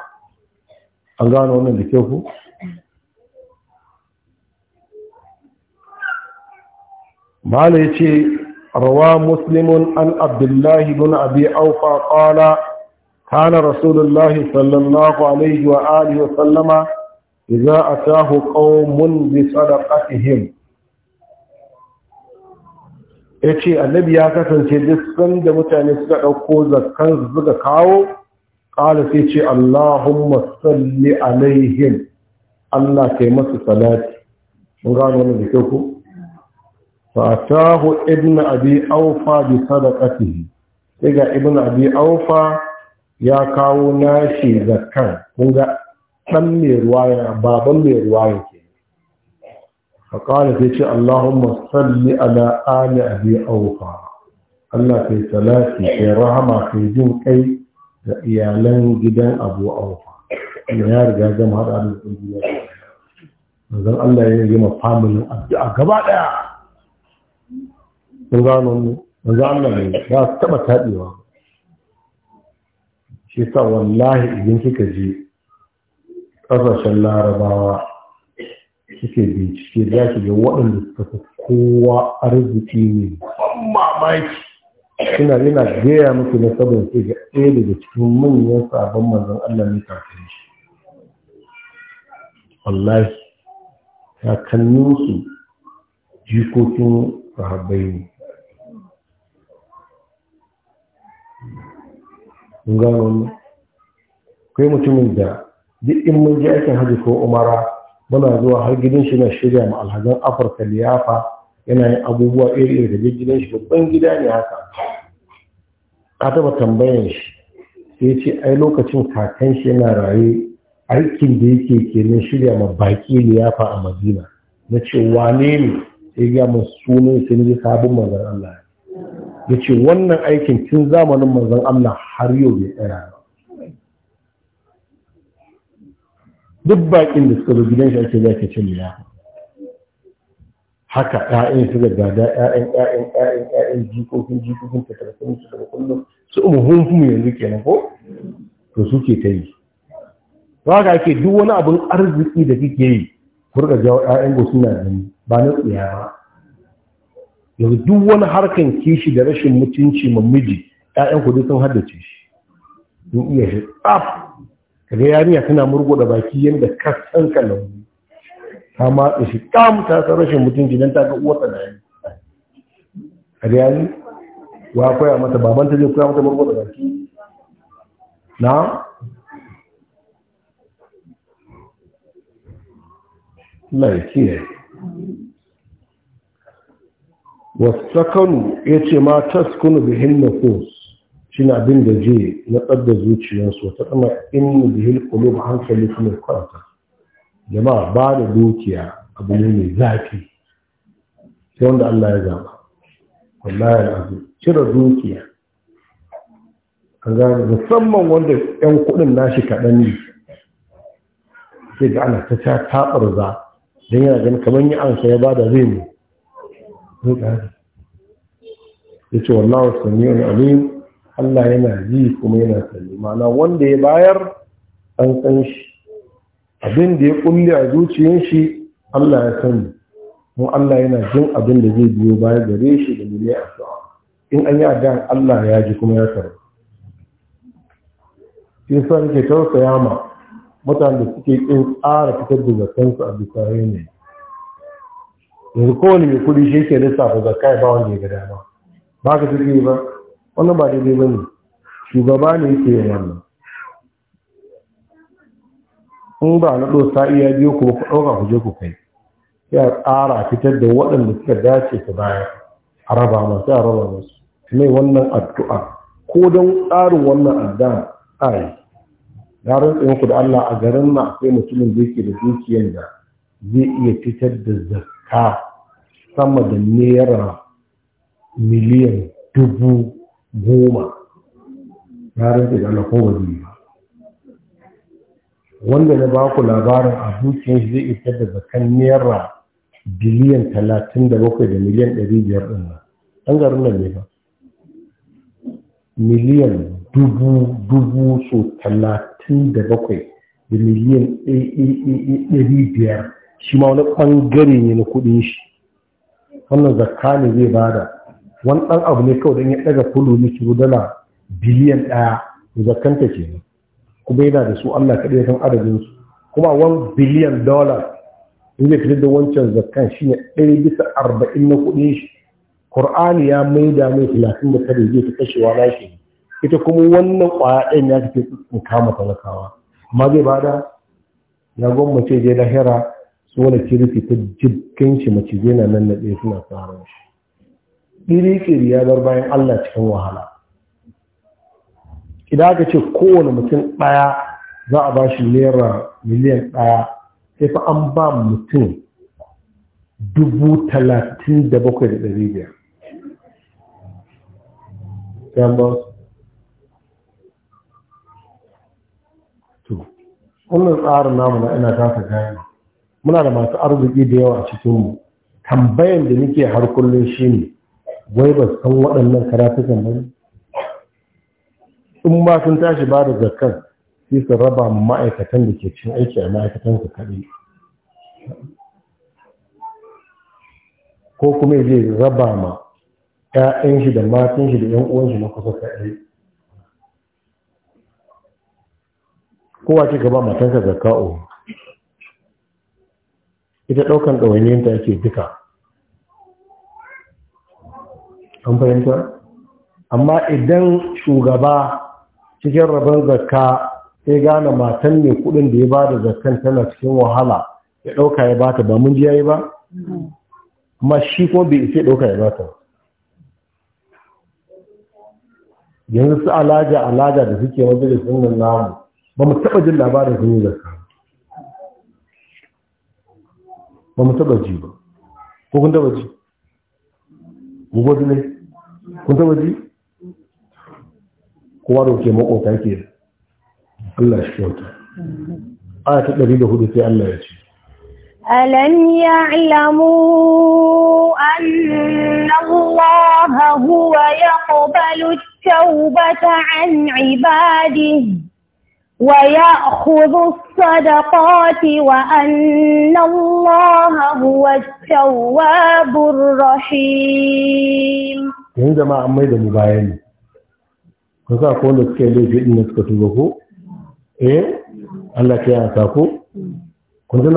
an gano wannan da kyau ku mala ya ce روى مسلم عن عبد الله بن أبي أوفى قال كان رسول الله صلى الله عليه وآله وسلم إذا أتاه قوم بصدقتهم yace annabi ya kasance duk da mutane suka ɗauko zakkan su suka kawo ƙala sai ce Allahumma salli alaihim Allah kai masu salati mun gano wannan da kyau ko fatahu ibn abi aufa bi sadaqatihi sai ga ibn abi aufa ya kawo nashi zakkan kun ga dan mai ruwaya baban mai ruwaya ke faqala sai ce allahumma salli ala ali abi aufa Allah kai salati kai rahama kai jin kai ga iyalan gidan abu aufa ya riga gama hada da duniya manzon Allah ya yi ma familin addu'a gaba daya kun gano wannan manzo ba su taba taɗewa shi sa wallahi idan kika je ƙasashen larabawa kike bincike za ki ga waɗanda suka fi kowa arziki ne ban mamaki suna yana gaya muku na sabon sai ga ɗaya daga cikin manyan sabon manzon Allah ne kafin shi wallahi kakanninsu jikokin sahabbai ne mun kai mutumin da duk in mun je aikin hajji ko umara muna zuwa har gidan shi na shirya ma alhazan afirka liyafa yana yin abubuwa iri iri da gidan shi babban gida ne haka ka taba tambayan shi sai ce ai lokacin kakan shi yana raye aikin da yake kenan shirya ma baki liyafa a madina na ce wane ne sai ga mu sunan sun ji sabon manzon Allah ya ce wannan aikin tun zamanin manzan Allah har yau mai tsaya duk bakin da suka zo gidan shi ake zai ce ya haka 'ya'yan su da gada yayan ƴaƴan ƴaƴan ƴaƴan jikokin jikokin ta tarafin su daga kullum su umu hunfu yanzu ke ko to suke ta yi ba ka ake duk wani abin arziki da kike yi kurga jawo 'ya'yan go suna gani ba na tsaya ba yanzu duk wani harkan kishi da rashin mutunci ma miji ƴaƴan ku sun haddace shi sun iya shi tsaf kaga yarinya tana da baki yanda ka san kalamu ta matsa shi kam ta san rashin mutunci dan ta ga uwarta da yayi kaga yari wa koya mata babanta zai koya mata murgo da baki na Allah ya kiyaye wasakanu ya ce ma taskunu bi hinna kos shi na abin da je na tsada zuciyarsu wata tsama in bihin ba hankali kuma kwanta jama'a ba da dukiya abu ne mai zafi sai wanda Allah ya zaba wallahi azu cire dukiya an gane musamman wanda yan kudin nashi kaɗan ne sai ga ana ta ta za, don yana gani kamar yi an ya ba da zai mu mun ya ce wallawa alim Allah yana ji kuma yana sani mana wanda ya bayar an san shi abin da ya kulle a zuciyar shi Allah ya sani mu Allah yana jin abin da zai biyo baya gare shi da mene a sa'a in an yi adan Allah ya ji kuma ya sani shi sa nake tausaya ma mutanen da suke ƙin tsara fitar da zakansu a bisa ne yanzu kowane mai kudi shi ke lissafa zakka ya ba wanda ya ga dama ba ka turbe ba wannan ba daidai ba ne shugaba ne yake yin wannan in ba na ɗo iya biyu kuma ku ɗauka ku je ku kai ya tsara fitar da waɗanda suka dace su baya a raba masu a raba masu mai wannan addu'a ko don tsarin wannan addu'a a yi ya rantsa yanku da Allah a garin na akwai mutumin da yake da dukiyar da zai iya fitar da zakka ta sama da naira miliyan dubu goma ya rage da alaƙon ba wanda na baku labarin a dukiyar zai isa da zakan naira biliyan talatin da bakwai da miliyan ɗari biyar ɗin nan ɗan garin nan ne ba miliyan dubu dubu so talatin da bakwai da miliyan ɗari biyar shi ma wani ɓangare ne na kuɗin shi wannan zakka ne zai bada wani ɗan abu ne kawai don ya ɗaga kulu na kiro dala biliyan ɗaya zakkanta ke nan kuma yana da su Allah kaɗai kan adadin su kuma wan biliyan dola in zai fitar da wancan zakkan shi ne ɗaya bisa arba'in na kuɗin shi Kur'ani ya maida mai talatin da kare zai ta kashewa na shi ita kuma wannan ƙwaya ɗayan ya fi kama talakawa amma zai bada ya gwammace je lahira wani kirfi ta jibkin shi macije na nan na ɗaya suna tsarin shi ɗiri ya bar bayan allah cikin wahala idan aka ce kowane mutum ɗaya za a ba shi naira miliyan ɗaya sai fa an ba mutum dubu talatin da bakwai da ɗari biyar wannan tsarin namu na ina kasa gani muna da masu arziki da yawa a cikinmu tambayan da nake har kullum shi ne wai ba san waɗannan karatukan ba in ba sun tashi ba da zakkan sai su raba ma'aikatan da ke cin aiki a ma'aikatan su kaɗai ko kuma zai raba ma 'ya'yan shi da matan shi da 'yan uwan shi na kusa kaɗai kowa ce gaba ba matanka zakka ita ɗaukan ɗawainiyar ake duka an fahimta amma idan shugaba cikin rabon zakka sai gane matan ne kudin da ya ba da zakkan tana cikin wahala ya ɗauka ya bata ba mun ji yayi ba amma shi ko bai isa ɗauka ya bata yanzu su alaja alaja da suke majalisun nan namu ba mu taɓa jin labarin sun yi zakka ba mu taba ji ba ko kun taba ji gudu ne kun taba ji kowa da ke makota ke Allah shi kyauta aya ta hudu sai Allah ya ce ألم يعلموا أن الله هو يقبل التوبة عن عباده ويأخذ الصدقات وأن الله هو التواب الرحيم yanzu jama'a mai da mu baya ne kun sa ko suka yi laifi ɗin suka tuba ko eh Allah ta yanka ko kun su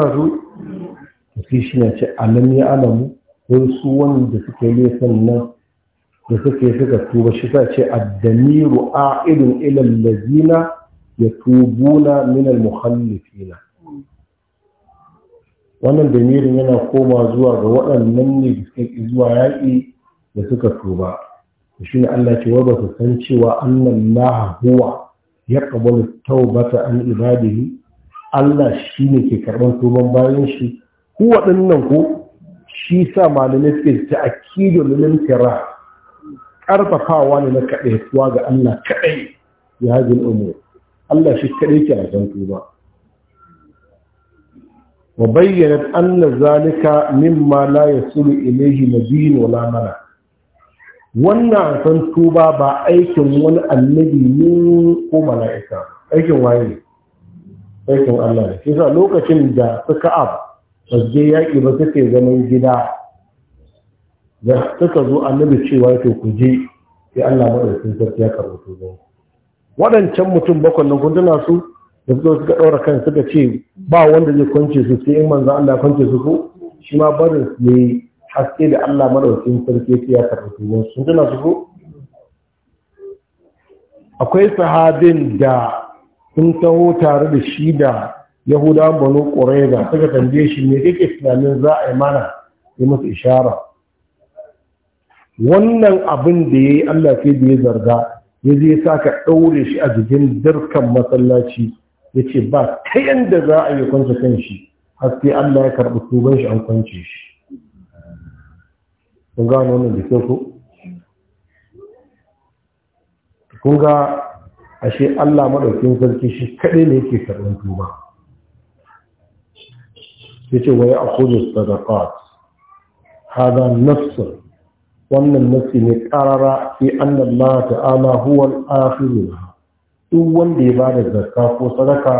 sai shi ne ce alam ya alamu don su wanda suka yi laifin nan da suka yi suka tuba shi sa ce addamiru a'idun ilal lazina yatubuna min al-mukhallifina wannan damirin yana koma zuwa ga waɗannan ne da suka zuwa yaƙi da suka tuba shi ne Allah ce wa ba su san cewa annan laha huwa ya ba taubata an ibadihi Allah shi ne ke karɓar tuban bayan shi ku waɗannan ko shi sa malamai suke ta akidu lilin tira ƙarfafawa ne na kaɗaituwa ga Allah kaɗai ya hajjin umur Allah shi kaɗai ke a san tuba wa bayyana anna zalika mimma la yasulu ilayhi nabiyyun wala mana wannan san tuba ba aikin wani annabi ne ko mala'ika aikin waye ne aikin Allah ne shi lokacin da suka ab ba yaƙi ba suke zaman gida da suka zo annabi cewa to ku je sai Allah madaukakin sarki ya karɓi tuba. waɗancan mutum bakwai nan kundina su da suka suka ɗaura kan suka ce ba wanda zai kwance su sai in manzan Allah ya kwance su ko shi ma barin su ne haske da Allah madaukakin sarki ya karɓi tuban sun su ko akwai sahabin da sun taho tare da shi da yahuda banu da suka tambaye shi ne kake tunanin za a yi mana yi masu ishara wannan abin da ya yi Allah sai da ya zarga ya zai sa ka ɗaure shi a jikin darkan masallaci ya ce ba ta yadda za a yi kwanci kan shi haske Allah ya karɓi tuban shi an kwance shi kun gano wannan da kyau ko kun ga ashe Allah maɗaukin sarki shi kaɗai ne yake karɓar tuba ya ce wa ya da sadaqat hada nafsar wannan nasi ne karara fi anna Allah ta'ala huwa al-akhir duk wanda ya bada zakka ko sadaka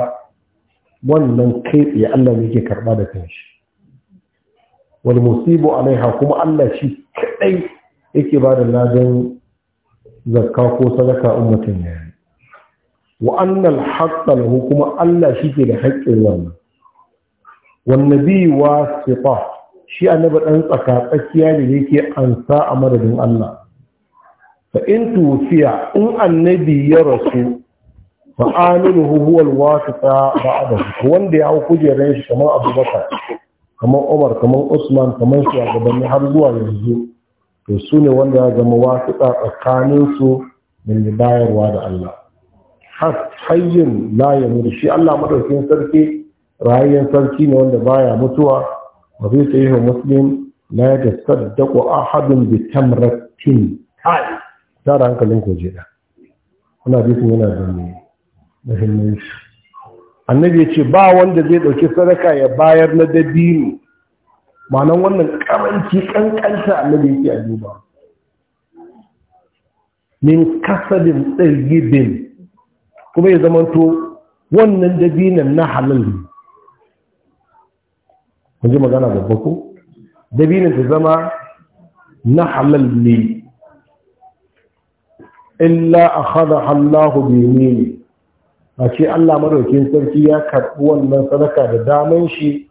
wannan kai Allah ne yake karba da kanshi wal musibu alaiha kuma Allah shi kadai yake bada ladan zakka ko sadaka ummatin ya wa annan al-haqq kuma Allah shi ke da haƙƙin wannan biyu wa wasiqah shi annabi ɗan tsaka tsakiya ne yake ansa a madadin Allah fa in tufiya in annabi ya rasu fa amiluhu huwa alwasita ba'dahu wanda ya hau kujeran shi kamar Abubakar kamar Umar kamar Usman kamar shugabanni har zuwa yanzu to su ne wanda ya zama wasiƙa tsakanin su da bayarwa da Allah hayyin la ya shi Allah madaukakin sarki rayayyen sarki ne wanda baya mutuwa wa fi sahihu muslim la yatasaddaqu ahadun bi tamratin kai tara hankalin ko jeda wannan hadisin yana da muhimmanci annabi ya ce ba wanda zai dauki sadaka ya bayar na dabino ma'anan wannan karanci kankanta annabi yake a duba min kasabin tsayibin kuma ya zamanto wannan dabinan na halal ne kun ji magana da baku. dabinin ta zama na halal ne illa a haɗa allahu bene ne a ce allah madaukin sarki ya karɓi wannan sadaka da daman shi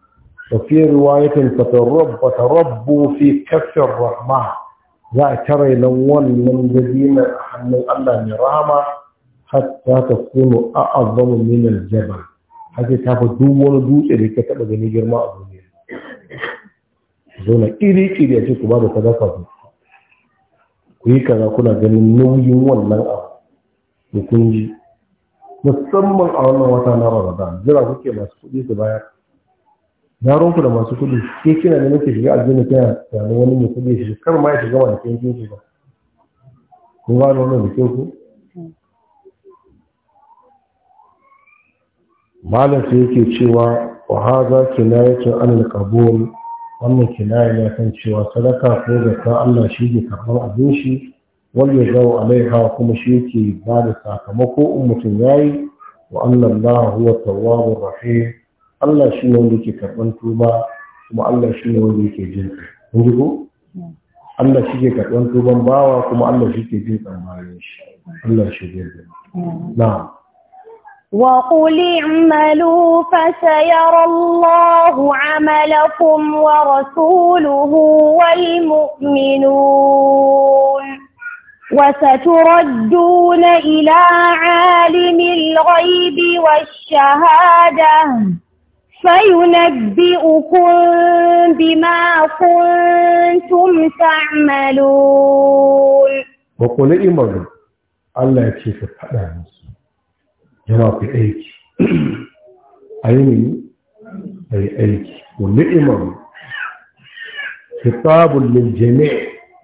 da fi riwayatin fatarabbu fi kafin rahma za a tare nan wannan dabinin a hannun allah mai rahama hatta ta kuma a'azzamu min jaba. hake ta fa duk wani dutse da ke taɓa gani girma a duniya zauna iri-iri a ce ku ba da sadaka ku ku yi kaza kuna ganin nauyin wannan abu da kun ji musamman a wannan wata na ramadan jira kuke masu kuɗi su bayar yaron ku da masu kuɗi ke kina da nake shiga aljanna kina tare wani mai kuɗi shi kar ma ya shiga ba da shi ba kun gano wannan da ku malam su yake cewa wa hadha kinayatun anil qabul wannan kinaya ya san cewa sadaka ko zakka Allah shi ke karɓar abin shi wanda ya zawo alaiha kuma shi yake ba da sakamako in mutum ya yi wa Allah Allah huwa tawwabur rahim Allah shi ne wanda ke karɓar tuba kuma Allah shi ne wanda yake jin kun ji ko Allah shi ke karɓar tuban bawa kuma Allah shi ke jin tsammanin shi Allah shi ke jin na'am وقل اعملوا فسيرى الله عملكم ورسوله والمؤمنون وستردون إلى عالم الغيب والشهادة فينبئكم بما كنتم تعملون وقل اعملوا الله يكفيك yana ku aiki a yi a yi aiki wa ni'imar kitabun liljami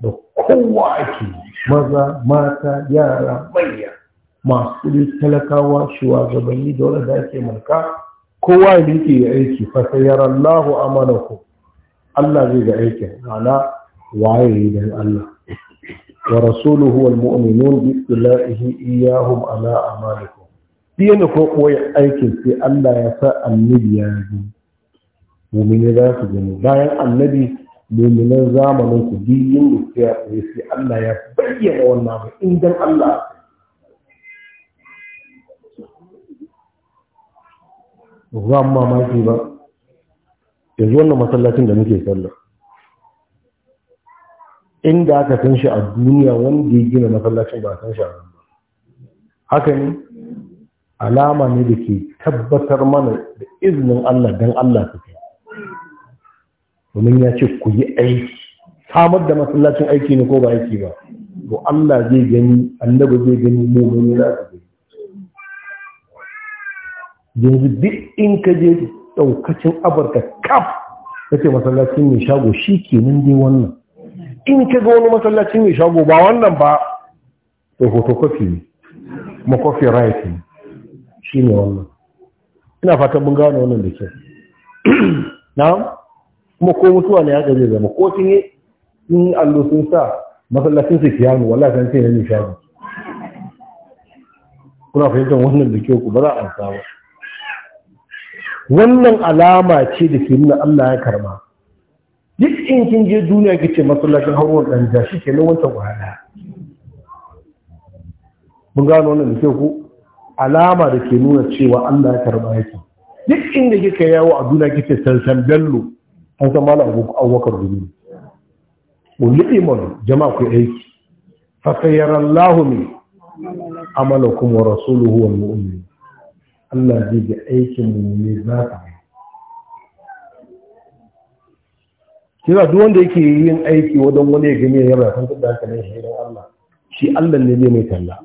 da kowa ake maza mata yara manya masu talakawa shugabanni da da ake mulka kowa ne ke yi aiki fasayarar lahu amanaku Allah zai ga aikin ala waye dan Allah ورسوله والمؤمنون بإبتلائه إياهم على أعمالكم yana ko koya aikin sai Allah ya sa annabi ya yi mumini za su gani bayan annabi muminan zamanin ku diyin da ya koyi sai Allah ya bayyana wannan abu Allah dan Allah ba mamaki ba yanzu wannan masallacin da muke sallah inda aka san shi a duniya wanda ya gina masallacin ba san shi a ba haka ne alama ne da ke tabbatar mana da izinin Allah don Allah su kai domin ya ce ku yi aiki samar da masallacin aiki ne ko ba aiki ba to Allah zai gani annabi zai gani mummuni za su gani yanzu duk in ka je ɗaukacin abarka kaf ce masallacin mai shago shi ke nan dai wannan in ka ga wani masallacin mai shago ba wannan ba to kwafi ne makofi right ne shi ne wannan ina fatan mun gano wannan da kyau na kuma ko mutuwa ne ya gaje zama ko sun yi in allo sun sa masallacin su kiyamu wala san sai ne nishadi kuna fahimtar wannan da kyau ku ba za a amsa ba wannan alama ce da ke nuna Allah ya karma duk in kin je duniya ki ce masallacin haruwar dan ja shi nan wancan wahala mun gano wannan da kyau ku alama da ke nuna cewa Allah ya karba yake duk inda kika yawo a duniya kike sansan bello an san malam abubakar gumi ulli iman jama'a ku aiki fa allahu min amalakum wa rasuluhu wal mu'minin Allah zai ga aikin mu za ka kira duk wanda yake yin aiki wajen wani ya gani ya yaba san da hankalin shi Allah shi Allah ne mai talla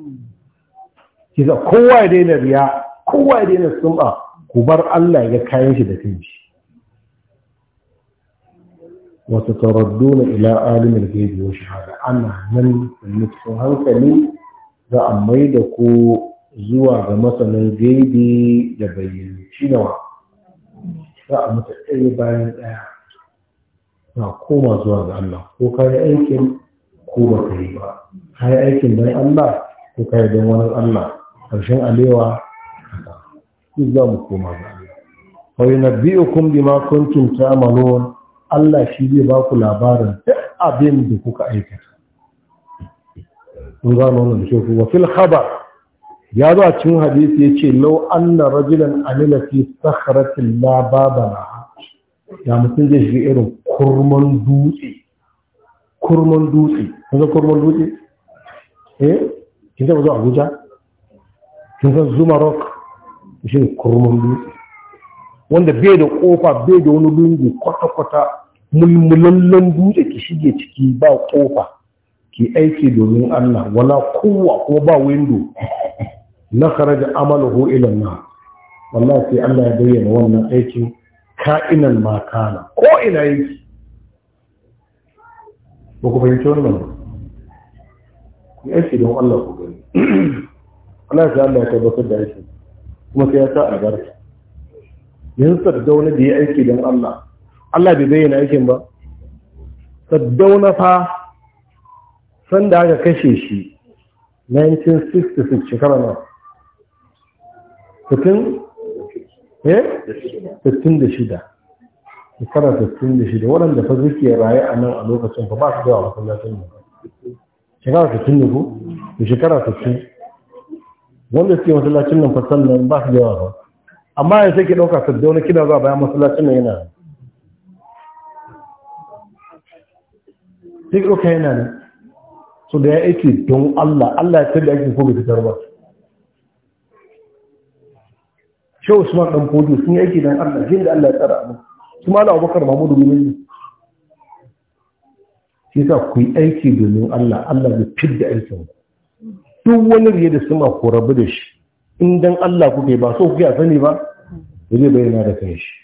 kiza kowa ya daina riya kowa ya daina sun'a ku bar Allah ya kayan shi da kanshi wa tataradduna ila alimil ghaibi wa shahada ana nan mutum hankali za a mai da ku zuwa ga masanin gaibi da bayyana shi nawa za a mutu ɗaya bayan ɗaya na koma zuwa ga Allah ko ka aikin ko ba ka yi ba ka aikin don Allah ko ka yi wani Allah ƙarshen alewa duk za mu koma ga biyu wa yunabbi'ukum bima kuntum ta'malun Allah shi zai ba ku labarin duk abin da kuka aikata kun gano da shi wa fil khabar ya zuwa cin cikin hadisi ce lau anna rajulan amila fi sakhratin la babala ya mutum zai shiga irin kurman dutse kurman dutse kun kurman dutse eh kin ba zuwa Abuja kin san zuma rock shi ne kurmin dutse wanda bai da kofa bai da wani lungu kwata-kwata mulmulallen dutse ki shige ciki ba kofa ki aiki domin Allah wala kowa ko ba windo na kharaja amaluhu ila na wallahi sai Allah ya bayyana wannan aikin ka'inan ma kana ko ina yake ba ku fahimci wannan ku aiki don Allah ku gani Allah sa Allah ya tabbatar da aiki kuma sai ya sa albarka yanzu sardauna da ya aiki don Allah Allah bai bayyana aikin ba sardauna fa sanda aka kashe shi 1966 shekara na fitin eh 66 shekara 66 waɗanda fa zuke raye a nan a lokacin ba ba su da wasu masallacin nan shekara 60 ne ko shekara 60 wanda suke masallacin nan fasan nan ba su yawa ba amma ya sai ke ɗauka saddauna kina zuwa bayan masallacin nan yana sai ɗauka yana ne su da ya aiki don Allah Allah ya tabbi aikin ko bai fitar ba Shehu Usman ɗan Fodo sun yi aiki don Allah jin da Allah ya tsara mu su ma Abubakar Mahmudu ne. shi sa ku yi aiki domin Allah Allah ya fidda aikin ku duk wani riya da suma ku rabu da shi in dan Allah kuke ba so kuke sani ba ba zai bayyana da kai shi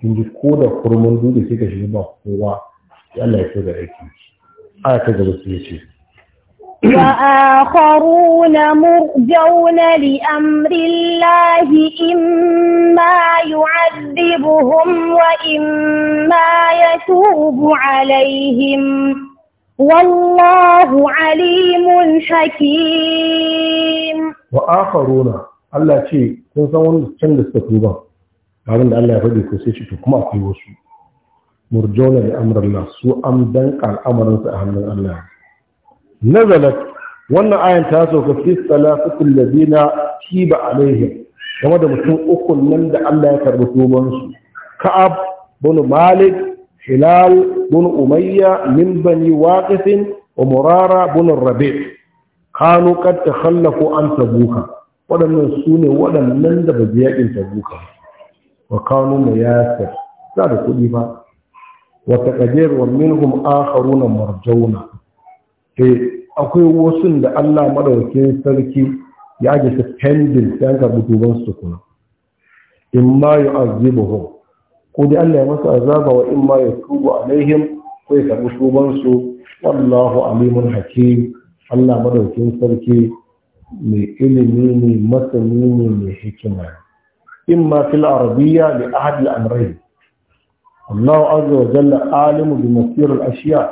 kin ji ko da kurmun dole sai ka shiga ba kowa ya Allah ya so da aiki aya ta gaba sai ce وآخرون مرجون لأمر الله إما يعذبهم وإما يتوب عليهم والله عليم حكيم وآخرون Allah ce kun san wani can da suka tuba abin da Allah ya faɗi ko sai shi to kuma akwai wasu murjauna da amrullah su am dan al'amarin a hannun Allah nazalat wannan ayan ta sauka fi salafatul ladina Kiba alaihim game da mutum uku nan da Allah ya karbi tuban su ka'ab bin malik hilal bin umayya min bani waqifin wa murara bin rabi' kanu qad takhallafu an tabuka waɗannan sune waɗannan da ba yaƙin tabuka wa kanu mayasir za da kuɗi ba wa taqdir wa minhum akharuna marjauna eh akwai wasu da Allah madaukakin sarki ya ajiye su pending dan ga butuban su kuma imma yu'azibuhum ko dai Allah ya masa azaba wa in ma yatubu alaihim ko ya karbi tuban su wallahu alimun hakim Allah madaukin sarki mai ilimi ne masani ne mai hikima in ma fil arabiyya li ahad al amrayn Allah azza wa jalla alimu bi masir al ashiya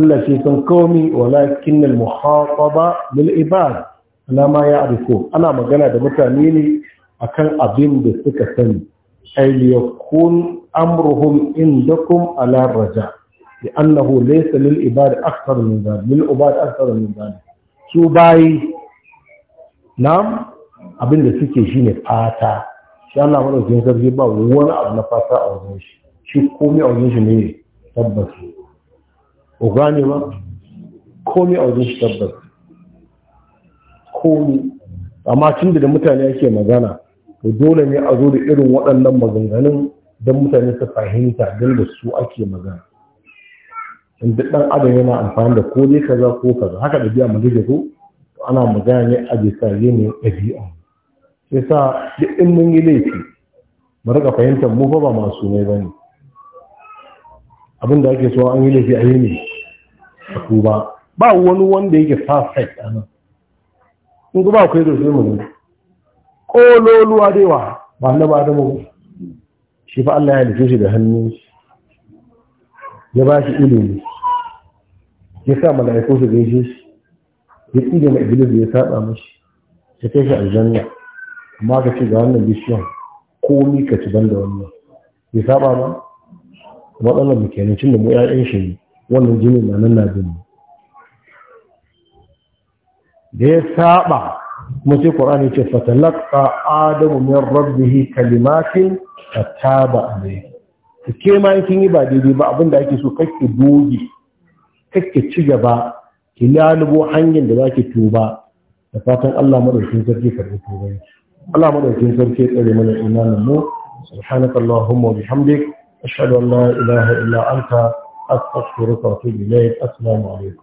Allah shi san komi walakin al muhataba bil ibad Nama ma ya'rifu ana magana da mutane ne akan abin da suka sani ay yakun amruhum indakum ala raja لأنه ليس للعباد أكثر من ذلك للعباد أكثر من ذلك su bayi nam abin da suke ne fata shi Allah madaukakin sarki ba wani abu na fata a wajen shi shi komai a wajen shi ne tabbas ku gane ba komai a wajen shi tabbas Komi, amma tun da mutane ake magana to dole ne a zo da irin waɗannan maganganun don mutane su fahimta don da su ake magana in duk ɗan adam yana amfani da ko dai kaza ko kaza haka da biya mu magana ko To ana magana ne a bisa yanayin ɗabi'a sai sa duk in mun yi laifi mu riga fahimtar mu fa ba masu ne ba ne abin da ake so an yi laifi a yi ne a tuba ba wani wanda yake perfect a nan in ba akwai da su mu ne ƙololuwa da yawa ba na ba adamu shi fa Allah ya halice shi da hannu ya ba shi ilimi ya sa mala'iku su gaishe shi ya tsige mai iblis ya saba mashi ya kai shi aljanna amma ka ce ga wannan bishiyan komi ka ci banda wannan ya saba ba matsalar mukenancin da mu 'ya'yan shi ne wannan jinin na nan na jini da ya saɓa. kuma sai qur'ani ce fatalaqa adamu min rabbihi kalimatin fataba alayhi ke ma in kin yi ba daidai ba abinda ake so kake doge kake ci gaba ki lalubo hanyar da zaki tuba da fatan Allah madaukakin sarki karbi tuban Allah madaukakin sarki tsare mana imanin mu subhanakallahumma wa bihamdik ashhadu an la ilaha illa anta أستغفرك وأتوب إليك السلام عليكم